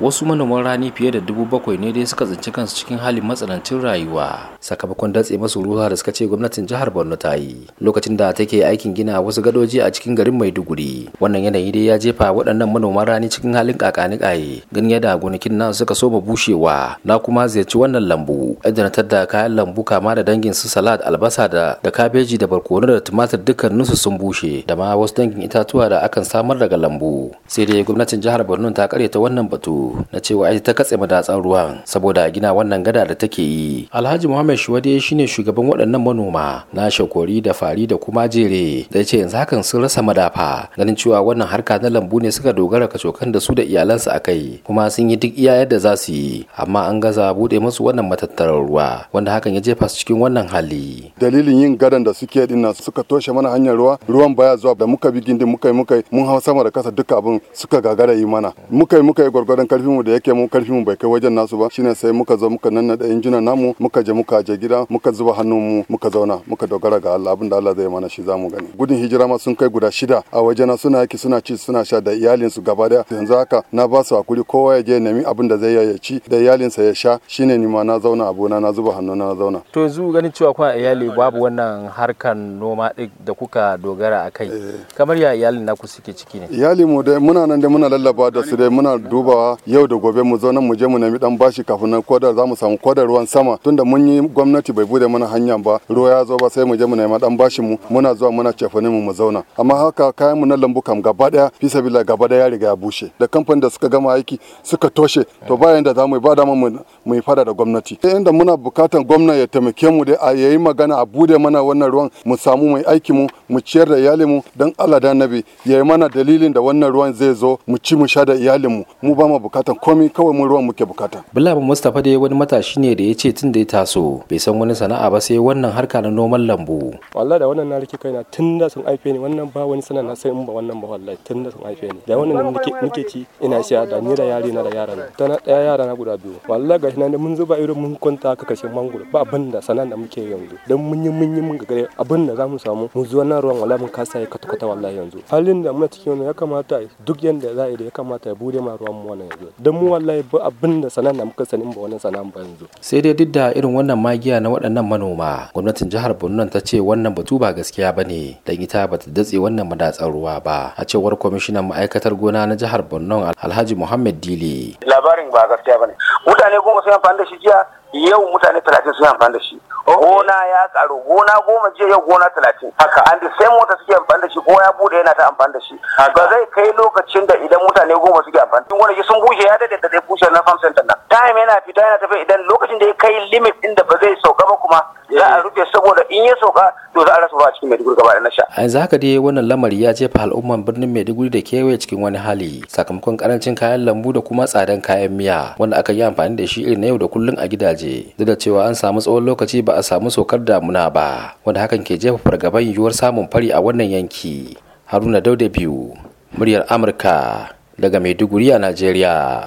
wasu manoman rani fiye da dubu bakwai ne dai suka tsinci kansu cikin halin matsanancin rayuwa sakamakon datse masu ruwa da suka ce gwamnatin jihar borno ta yi lokacin da take aikin gina wasu gadoji a cikin garin maiduguri wannan yanayi dai ya jefa waɗannan manoman rani cikin halin kakanikaye ganin yadda gonakin nasu suka soma bushewa na kuma ziyarci wannan lambu inda na tadda kayan lambu kama da dangin su salad albasa da da kabeji da barkono da tumatir su sun bushe da ma wasu dangin itatuwa da akan samar daga lambu sai dai gwamnatin jihar borno ta karyata wannan batu na cewa ai ta katse madatsan ruwan saboda gina wannan gada da take yi alhaji muhammad shuwade shine shugaban waɗannan manoma na shakori da fari da kuma jere da ya ce yanzu hakan sun rasa madafa ganin cewa wannan harka na lambu ne suka dogara ka kacokan da su da iyalansu kai. kuma sun yi duk iya da za su yi amma an gaza bude musu wannan matattarar ruwa wanda hakan ya jefa su cikin wannan hali dalilin yin gadan da suke din suka toshe mana hanyar ruwa ruwan baya zuwa da muka bi gindin muka yi muka mun hawa sama da kasa duka abin suka gagara yi mana muka yi muka yi gwargwadon karfin mu da yake mu karfin mu bai kai wajen nasu ba shine sai muka zo muka da injina namu muka je muka je gida muka zuba hannun mu muka zauna muka dogara ga Allah abinda Allah zai mana shi zamu gani gudun hijira ma sun kai guda shida a wajena suna yaki suna ci suna sha da iyalin su gaba daya yanzu haka na ba su hakuri kowa ya je nemi abin da zai ya ci da iyalinsa ya sha shine ni ma na zauna abona na zuba hannuna na zauna to yanzu ganin cewa kuna iyali babu wannan harkan noma da kuka dogara a kai eh. kamar ya iyalin naku suke ciki ne iyali mu dai muna nan da muna lallaba da su dai muna dubawa yau da gobe mu zo nan mu je mu nemi dan bashi kafin nan kodar za mu samu kodar ruwan sama tunda mun yi gwamnati bai bude mana hanya ba ruwa ya zo ba sai mu je mu nemi dan bashi mu muna zuwa muna cefane mu mu zauna amma haka kayan mu na lambu kam gaba daya fi sabila gaba daya ya riga ya bushe da kamfanin da suka gama aiki suka toshe to bayan yanda za mu ba dama mu yi fada da gwamnati sai inda muna bukatan gwamna ya taimake mu da a yayi magana a bude mana wannan ruwan mu samu mai aiki mu mu ciyar da iyalin mu dan Allah da Annabi yayi mana dalilin da wannan ruwan zai zo mu ci mu sha da iyalin mu mu ba mu bukatan bukatan komai kawai mun ruwan muke bukata bilabu mustapha dai wani matashi ne da ya ce tun da ya taso bai san wani sana'a ba sai wannan harka na noman lambu wallahi da wannan na rike kaina tun da sun aife ni wannan ba wani sana'a na sai in ba wannan ba wallahi tun da sun aife ni da wannan muke muke ci ina siya da ni da yari na da yara na tana daya yara na guda biyu wallahi gashi nan mun zuba irin mun kwanta ka kashe mangoro ba abin da sana'a da muke yanzu dan mun yi mun yi mun gagare abin da zamu samu mun zuwa nan ruwan wallahi mun kasa ya kwata wallahi yanzu halin da muna cikin ya kamata duk yanda za a yi da ya kamata ya bude ma ruwan mu wannan don mu wallahi ba abin da sana'a na muka sanin ba wani sana'a ba yanzu sai dai duk da irin wannan magiya na waɗannan manoma gwamnatin jihar Borno ta ce wannan batu ba gaskiya bane dan ita ba ta datse wannan madatsar ruwa ba a cewar kwamishinan ma'aikatar gona na jihar Borno Alhaji Muhammad dili. labarin ba gaskiya bane mutane goma sun amfani da shi jiya yau mutane talatin suna amfani da shi gona ya karu gona goma jiya yau gona talatin haka and the same suke amfani da shi ko ya bude yana ta amfani da shi ba zai kai lokacin da idan mutane goma suke amfani wani sun bushe ya daidaita da zai bushe na farm center nan time yana fita yana tafiya idan lokacin da ya kai limit din da ba zai sauka ba kuma za a rufe saboda in ya sauka to za a rasa ba cikin Maiduguri gaba da nasha. A yanzu haka dai wannan lamari ya jefa al'umman birnin Maiduguri da kewaye cikin wani hali sakamakon karancin kayan lambu da kuma tsadan kayan miya wanda aka yi amfani da shi irin na yau da kullun a gidaje duk da cewa an samu tsawon lokaci ba a samu saukar damuna ba wanda hakan ke jefa fargaban yiwuwar samun fari a wannan yanki. Haruna Dauda biyu muryar Amurka daga Maiduguri a Najeriya.